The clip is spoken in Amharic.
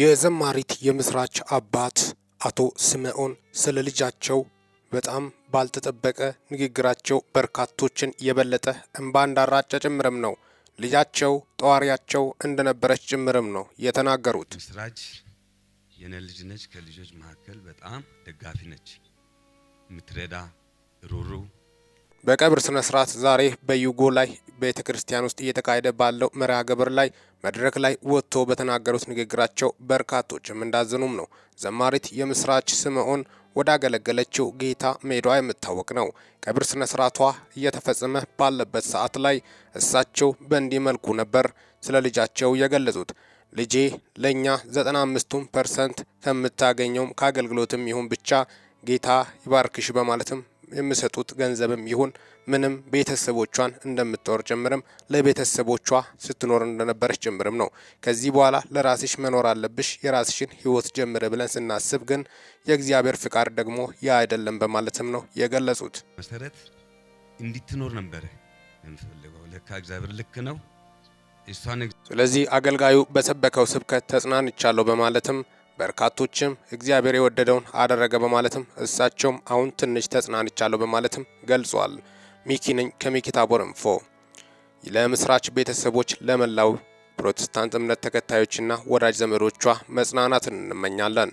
የዘማሪት የምስራች አባት አቶ ስምዖን ስለ ልጃቸው በጣም ባልተጠበቀ ንግግራቸው በርካቶችን የበለጠ እንባ እንዳራጨ ጭምርም ነው ልጃቸው ጠዋሪያቸው እንደነበረች ጭምርም ነው የተናገሩት። ምስራች የነ ልጅ ነች። ከልጆች መካከል በጣም ደጋፊ ነች፣ የምትረዳ ሩሩ በቀብር ስነ ስርዓት ዛሬ በዩጎ ላይ ቤተ ክርስቲያን ውስጥ እየተካሄደ ባለው መርሃ ግብር ላይ መድረክ ላይ ወጥቶ በተናገሩት ንግግራቸው በርካቶችም እንዳዘኑም ነው። ዘማሪት የምስራች ስምዖን ወዳገለገለችው ጌታ መሄዷ የምታወቅ ነው። ቀብር ስነ ስርዓቷ እየተፈጸመ ባለበት ሰዓት ላይ እሳቸው በእንዲህ መልኩ ነበር ስለ ልጃቸው የገለጹት። ልጄ ለእኛ 95ቱን ፐርሰንት ከምታገኘውም ከአገልግሎትም ይሁን ብቻ ጌታ ይባርክሽ በማለትም የሚሰጡት ገንዘብም ይሁን ምንም ቤተሰቦቿን እንደምትኖር ጭምርም ለቤተሰቦቿ ስትኖር እንደነበረች ጭምርም ነው። ከዚህ በኋላ ለራስሽ መኖር አለብሽ የራስሽን ህይወት ጀምር ብለን ስናስብ ግን የእግዚአብሔር ፍቃድ ደግሞ ያ አይደለም በማለትም ነው የገለጹት። መሰረት እንዲትኖር ነበረ የምፈልገው። ልካ እግዚአብሔር ልክ ነው። ስለዚህ አገልጋዩ በሰበከው ስብከት ተጽናንቻለሁ በማለትም በርካቶችም እግዚአብሔር የወደደውን አደረገ በማለትም እሳቸውም አሁን ትንሽ ተጽናንቻለሁ በማለትም ገልጿል። ሚኪ ነኝ ከሚኪ ታቦር እንፎ። ለምስራች ቤተሰቦች ለመላው ፕሮቴስታንት እምነት ተከታዮችና ወዳጅ ዘመዶቿ መጽናናትን እንመኛለን።